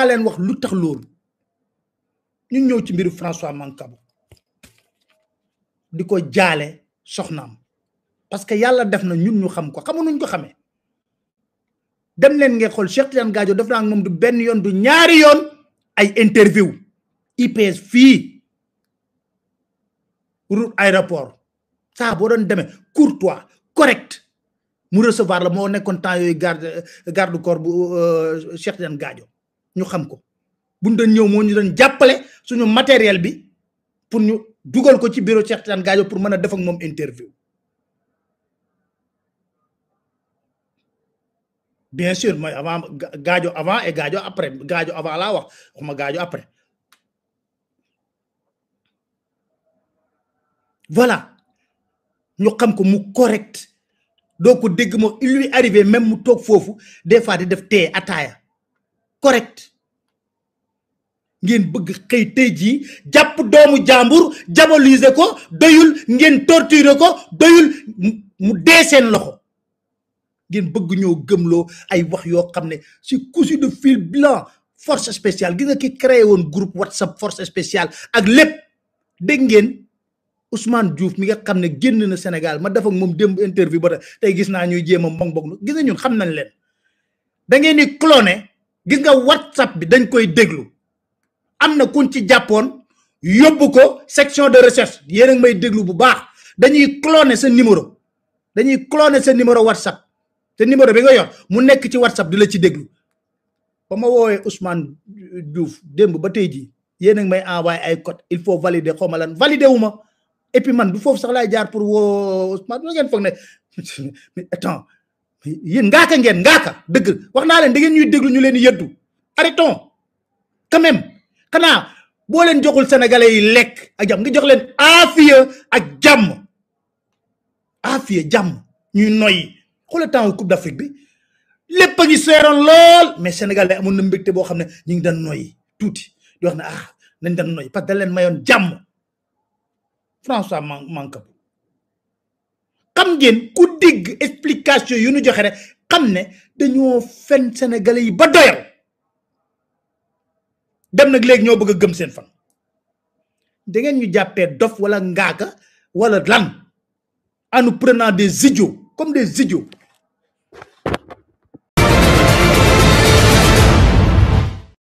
naa leen wax lu tax loolu ñu ñëw ci mbiru François Mancabou di ko jaale soxnaam parce que yàlla def na ñun ñu xam ko xamunuñ ko xamee dem leen ngeen xool Cheikh Tidiane Gadio def naa moom du benn yoon du ñaari yoon ay interview IPS fii route aéroport saa boo doon demee courtois correct mu recevoir la moo nekkoon temps yooyu garde garde corps bu euh, Cheikh Tidiane Gadio ñu xam ko buñ doon ñëw moo ñu doon jàppale suñu matériel bi pour ñu dugal ko ci bureau Cheikh Tidiane Gadio pour mën a def moom interview bien sûr mooy avant Gadio avant et Gadio après Gadio avant laa wax ma gaajo après voilà ñu xam ko mu correct doo ko dégg moom il lui arrivé même mu toog foofu des fois di def tee ataaya correct ngeen bëgg xëy tey jii jàpp doomu jàmbur diaboliser ko dayul ngeen torture ko doyul mu dee seen loxo ngeen bëgg ñoo gëmloo ay wax yoo xam ne si cousu de fil blanc force spéciale gis nga ki créé woon groupe whatsapp force spéciale ak lépp dégg ngeen Ousmane Diouf mi nga xam ne génn na Sénégal ma def moom démb interview ba tey gis naa ñuy jéem a mbong mbong gis nga ñun xam nañ leen da ngeen di cloné. gis nga whatsapp bi dañ koy déglu am na kuñ ci jàppoon yóbbu ko section de recherche yéen a ngi may déglu bu baax dañuy cloner sa numéro dañuy cloner sa numéro whatsapp te numéro bi nga yor mu nekk ci whatsapp di la ci déglu ba ma woowee Ousmane Diouf démb ba tey jii yéen a ngi may ay code il faut valider xaw ma lan valider wu ma et puis man du foofu sax laay jaar pour woo Ousmane du ngeen foog ne mais yéen ngaaka ngeen ngaaka dëgg wax naa leen da ngeen ñuy déglu ñu leen yëddu arrêtons quand même xanaa boo leen joxul sénégalais yi lekk ak jàmm nga jox leen aafiya ak jàmm aafiya jàmm ñuy noyyi xoolal temps coupe d'Afrique bi lépp a ngi seeroon lool mais sénégalais amoon na mbégte boo xam ne ñu ngi daan noyyi tuuti di wax ne ah nañ daan noyyi parce que dañ mayoon jàmm François Mancabou xam ngeen ku dégg explication yu nu joxe rek xam ne dañoo fen sénégalais yi ba doyal dem nag léegi ñoo bëgg a gëm seen fan da ngeen ñu jàppee dof wala ngaaka wala lan en nous prenant des idiots comme des idiots